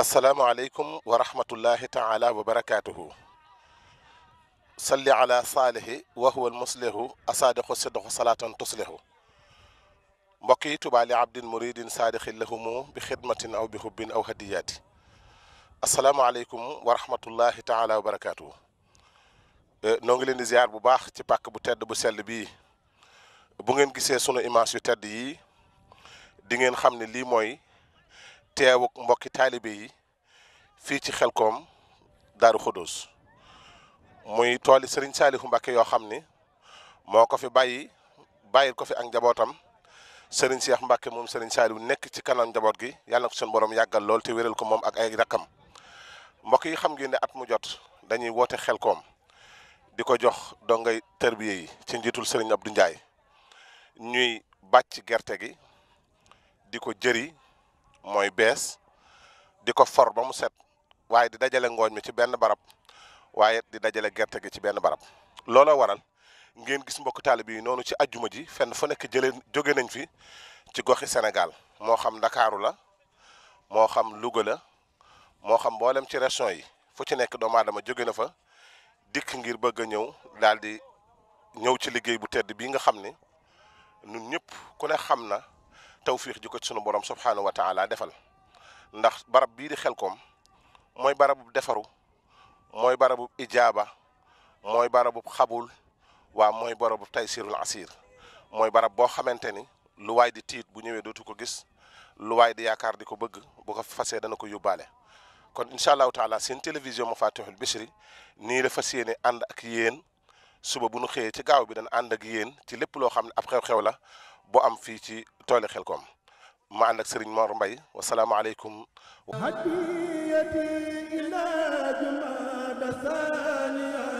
asalaamualeykum wa rahmatullahi taala wa barakaatuhu salli ala saalihi wa huwa almuslihu asaadiqu sidqu salaatan tuslihu mbokk yi tubaali abdin muridin saadixin lahumu bi xidmatin aw bi hubbin aw hadiyaati asalaamualeykum wa rahmatullahi taala wa barakaatuhu noo ngi leen di ziar bu baax ci pàkk bu tedd bu sell bii bu ngeen gisee sunu image yu tedd yi di ngeen xam ne lii mooy teew ak mbokki taalibe yi fii ci xel Xelkom Daaru Xudoos muy tooli sëriñ Saalihu Mbàkke yoo xam ni moo ko fi bàyyi bàyyil ko fi ak njabootam sëriñ Cheikh Mbàkke moom Serigne Saalihu nekk ci kanam njaboot gi yàlla na ko seen borom yàggal lool te wéral ko moom ak ay rakkam mbokk yi xam ngeen ne at mu jot dañuy woote Xelkom di ko jox dongay tërbiye yi ci njiitul Serigne du njaay ñuy bàcc gerte gi di ko jëri mooy bees di ko for ba mu set waaye di dajale ngooñ mi ci benn barab waaye di dajale gerte gi ci benn barab looloo waral ngeen gis mbokk taalibe yi noonu ci ajjuma ji fenn fu nekk jële jóge nañ fi ci goxi senegal moo xam ndakaaru la moo xam Louga la moo xam mboolem ci région yi fu ci nekk doomaadama jóge na fa dikk ngir bëgg a ñëw daal di ñëw ci liggéey bu tedd bii nga xam ni ñun ñëpp ku ne xam na توفيق ديكو ko ci sunu borom subxanahu wa taala defal ndax barab bii di xelkom mooy barabu defaru mooy barabu ijaaba mooy barabu xabul waa mooy barabu taysirul asir mooy barab boo xamante ni lu waay di tiit bu ñëwee dootu ko gis lu waay di yaakaar di ko bëgg bu ko fasee dana ko yóbbaale. kon incha allahu taala seen télévision Mafatihul Bichri nii la fas ànd suba bu nu xeye ci gaaw bi dan ànd ak yéen ci lépp loo xam ne ab xew-xew la. bo am fi ci tooli Xelkom ma ànd ak Serigne Mor Mbaye wasalaamaaleykum hadiyati ila jumada saniya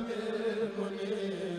المنيب